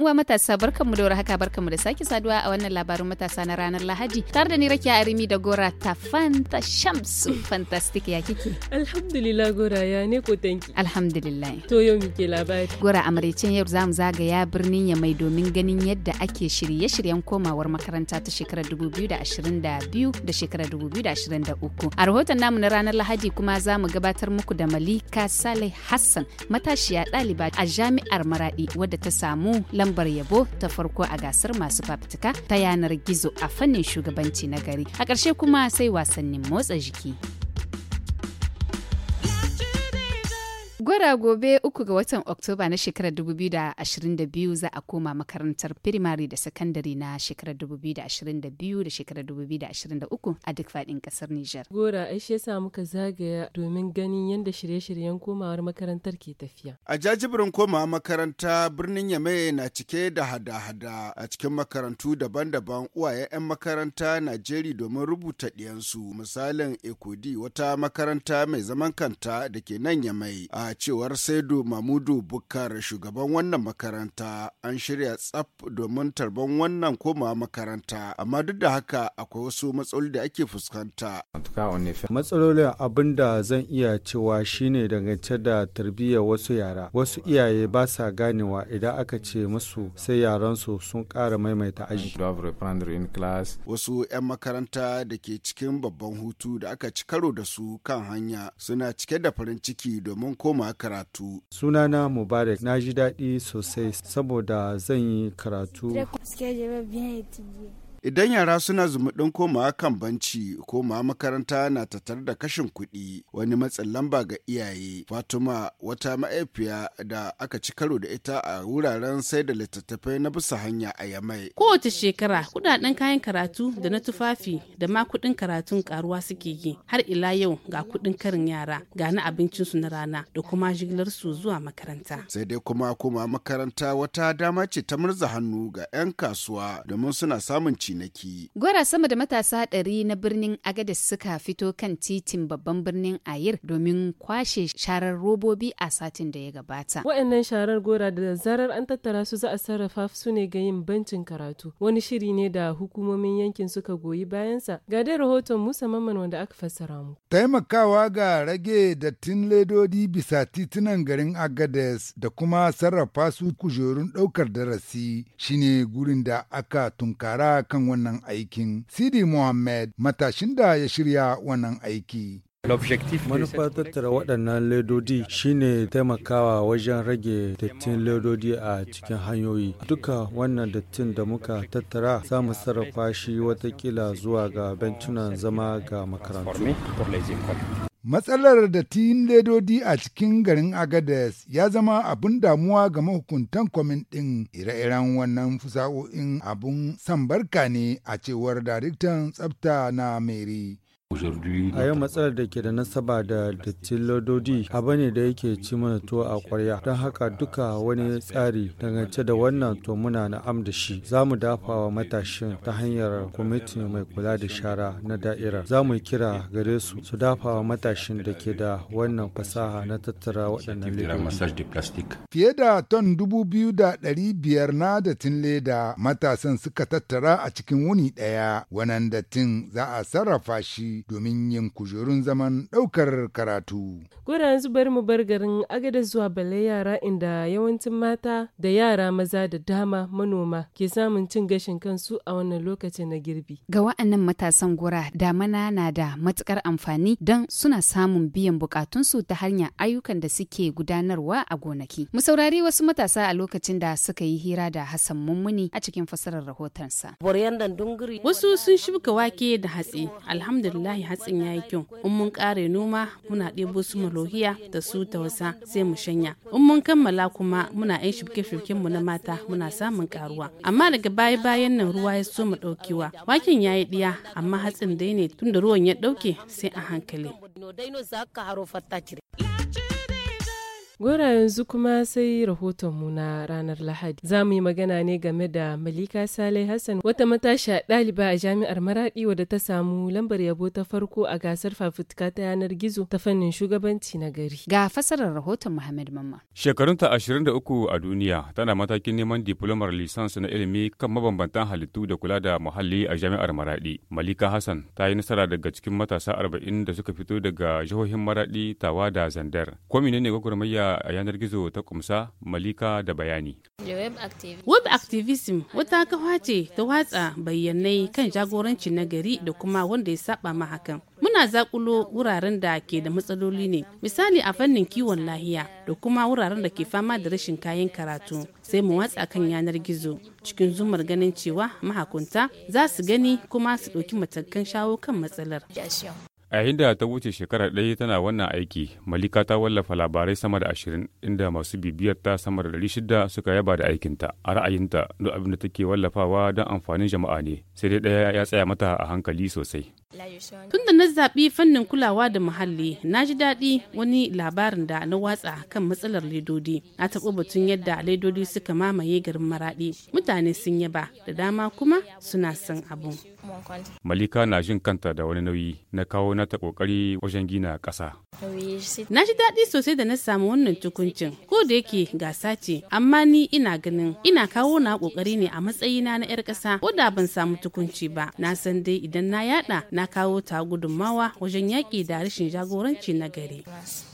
uwa matasa barkanmu da haka barkanmu da sake saduwa a wannan labarin matasa na ranar Lahadi. Tare da ni a Arimi da Gora ta Fanta Shamsu fantastic ya kike. Alhamdulillah Gora ya ne ko tanki. Alhamdulillah. To yau muke labari. Gora maraicen yau zamu zagaya birnin ya mai domin ganin yadda ake shirye-shiryen komawar makaranta ta shekarar 2022 da shekarar 2023. A rahoton namu na ranar Lahadi kuma za mu gabatar muku da Malika Saleh Hassan matashiya ɗaliba a jami'ar Maradi wadda ta samu lamba lambar yabo ta farko a gasar masu fafutuka ta yanar gizo a fannin shugabanci na gari. A ƙarshe kuma sai wasannin motsa jiki. gwada gobe uku ga watan Oktoba na shekarar 2022 za a koma makarantar firimare da sakandare na shekarar 2022 da shekarar 2023 a duk faɗin ƙasar Nijar. Gora, ai shi yasa muka zagaya domin ganin yadda shirye-shiryen komawar makarantar ke tafiya. A jajibirin koma makaranta birnin Yame na cike da hada-hada a cikin makarantu daban-daban uwaye 'yan makaranta na jeri domin rubuta ɗiyansu misalin Ekodi wata makaranta mai zaman kanta da ke nan Yamai a cewar saidu mamudu bukar shugaban wannan makaranta an shirya tsaf domin tarban wannan koma makaranta amma duk da haka akwai wasu matsaloli da ake fuskanta matsalolin abin da zan iya cewa shine dangance da tarbiyyar wasu yara wasu iyaye ba sa ganewa idan aka ce musu sai yaran su sun kara maimaita aji wasu 'yan makaranta da ke cikin babban hutu da aka ci karo da su kan hanya suna cike da farin ciki domin koma na karatu. Sunana Mubarak na ji daɗi sosai saboda zan yi karatu. Idan yara suna zumuɗin komawa kan banci, ma makaranta na tattare da kashin kuɗi wani matsin lamba ga iyaye. Fatima wata ma'aifiya da aka ci karo da ita a wuraren sai da littattafai na bisa hanya a Yamai. Kowace shekara kuɗaɗen kayan karatu da na tufafi da ma kuɗin karatun karuwa suke yi har ila yau ga kuɗin karin yara ga na abincinsu na rana da kuma jigilar su zuwa makaranta. Sai dai kuma koma makaranta wata dama ce ta murza hannu ga 'yan kasuwa domin suna samun ci gora Gwara sama da matasa ɗari na birnin Agadez suka fito kan titin babban birnin Ayir domin kwashe sharar robobi a satin da ya gabata. Waɗannan sharar gora da zarar an tattara su za a sarrafa su ne ga yin bancin karatu. Wani shiri ne da hukumomin yankin suka goyi bayansa. Ga dai rahoton Musa Mamman wanda aka fassara mu. Taimakawa ga rage dattin ledodi bisa titunan garin Agadez da kuma sarrafa su kujerun ɗaukar darasi shine gurin da aka tunkara kan kan wannan aikin sidi mohammed matashin da ya shirya wannan aiki manufa tattara waɗannan ledodi shine taimakawa wajen rage dattin ledodi a cikin hanyoyi duka wannan dattin da muka tattara za mu sarrafa shi watakila zuwa ga bencunan zama ga makarantu Matsalar da dattin ledodi a cikin garin Agades ya zama abin damuwa ga mahukuntan kwamin ɗin ire-iren wannan fusa'o'in abun sambarka ne a cewar daraktan tsafta na Meri. A yau matsalar da ke da nasaba da dattin lododi abu ne da yake ci mana tuwo a ƙwarya don haka duka wani tsari dangance da wannan to muna na'am da shi. Za mu dafa wa matashin ta hanyar kwamiti mai kula da shara na da'ira Za mu kira gare su su dafa wa matashin da ke da wannan fasaha na tattara waɗannan ledoji. Fiye da ton dubu biyu da ɗari biyar na dattin leda matasan suka tattara a cikin wuni ɗaya. Wannan dattin za a sarrafa shi domin yin kujerun zaman ɗaukar karatu. Kura yanzu bari mu bar garin agada zuwa bale yara inda yawancin mata da yara maza da dama manoma ke samun cin gashin kansu a wannan lokacin na girbi. Ga wa'annan matasan gora damana na da matukar amfani don suna samun biyan bukatunsu ta hanyar ayyukan da suke gudanarwa a gonaki. Mu saurari wasu matasa a lokacin da suka yi hira da Hassan Mummuni a cikin fasarar rahotonsa. Wasu sun shuka wake da hatsi, alhamdulillah wallahi hatsin ya yi kyau in mun kare noma muna ɗebo su malohiya da su tausa sai mu shanya in mun kammala kuma muna yan shifke-shifken mu na mata muna samun karuwa amma daga baya bayan nan ruwa ya so mu ɗaukewa waken ya yi ɗiya amma hatsin dai ne tunda ruwan ya ɗauke sai a hankali Gora yanzu kuma sai rahotonmu na ranar Lahadi. Za mu yi magana ne game da Malika Saleh Hassan wata matasha ɗaliba a jami'ar maraɗi wadda ta samu lambar yabo ta farko a gasar fafutuka ta yanar gizo ta fannin shugabanci na gari. Ga fasarar rahoton Muhammad Mamma. Shekarunta uku a duniya tana matakin neman diplomar lisans na ilimi kan mabambantan halittu da kula da muhalli a jami'ar maraɗi Malika Hassan ta yi nasara daga cikin matasa arba'in da suka fito daga jihohin maraɗi Tawa da Zandar. Ko menene gwagwarmaya a yanar gizo ta kumsa malika da bayani. Web activism wata kafa ce ta watsa bayyanai kan jagoranci na gari da kuma wanda ya saba ma hakan. Muna zakulo wuraren da ke da matsaloli ne, misali a fannin kiwon lahiya da kuma wuraren da ke fama da rashin kayan karatu sai mu watsa kan yanar gizo cikin zumar ganin cewa mahakunta za su gani kuma su ɗauki matakan shawo kan matsalar. A yayin da ta wuce shekara ɗaya tana wannan aiki, Malika ta wallafa labarai sama da ashirin inda masu bibiyar ta sama da ɗari shida suka yaba da aikinta. A ra'ayinta, duk abin da take wallafawa don amfanin jama'a ne, sai dai ɗaya ya tsaya mata a hankali sosai. Tun da na zaɓi fannin kulawa da muhalli, na ji daɗi wani labarin da na watsa kan matsalar ledodi. Na taɓa batun yadda ledodi suka mamaye garin maraɗi. Mutane sun yaba, da dama kuma suna son abu. Malika na jin kanta da wani nauyi na kawo na ta kokari wajen gina ƙasa. Na ji daɗi sosai da na samu wannan tukuncin ko da yake gasa ce amma ni ina ganin ina kawo na kokari ne a matsayina na 'yar ƙasa ko da ban samu tukunci ba na san dai idan na yaɗa na kawo ta gudunmawa wajen yaƙi da rashin jagoranci na gari.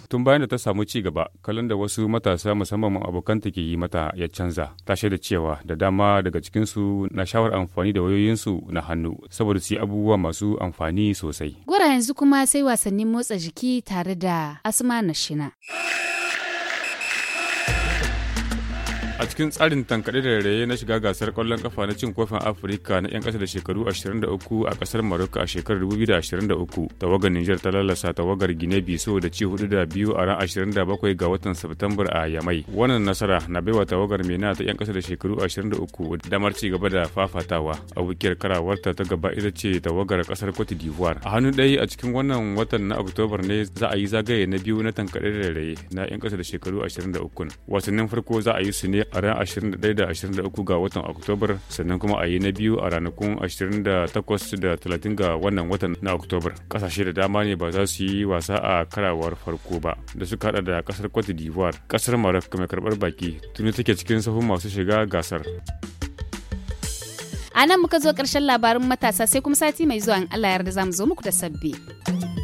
Tun bayan da ta samu ci gaba, kalan da wasu matasa musamman abokanta ke yi mata ya canza. Ta da cewa da dama daga cikinsu na shawar amfani da wayoyinsu na hannu saboda su abubuwa masu amfani sosai. Gwara yanzu kuma sai wasannin motsa jiki tare da Asma na shina. a cikin tsarin tankaɗe da raye na shiga gasar ƙwallon kafa na cin kofin afirka na 'yan ƙasa da shekaru 23 a ƙasar maroka a shekarar 2023 tawagar niger ta lalasa tawagar gine biso da ci hudu da biyu a ran 27 ga watan september a yamai wannan nasara na baiwa tawagar mena ta 'yan ƙasa da shekaru 23 damar ci gaba da fafatawa abokiyar karawarta ta gaba ita ce tawagar ƙasar cote d'ivoire a hannu ɗaya a cikin wannan watan na oktobar ne za a yi zagaye na biyu na tankaɗe da raye na 'yan ƙasa da shekaru 23 wasannin farko za a yi su ne a ran 21 da 23 ga watan Oktobar sannan kuma a yi na biyu a ranakun 28 da 30 ga wannan watan na Oktobar. Kasashe da dama ne ba za su yi wasa a karawar farko ba da suka hada da kasar Cote d'Ivoire. Kasar Maroc mai karbar baki tuni take cikin sahun masu shiga gasar. A nan muka zo karshen labarin matasa sai kuma sati mai zuwa in Allah yarda za mu zo muku da sabbi.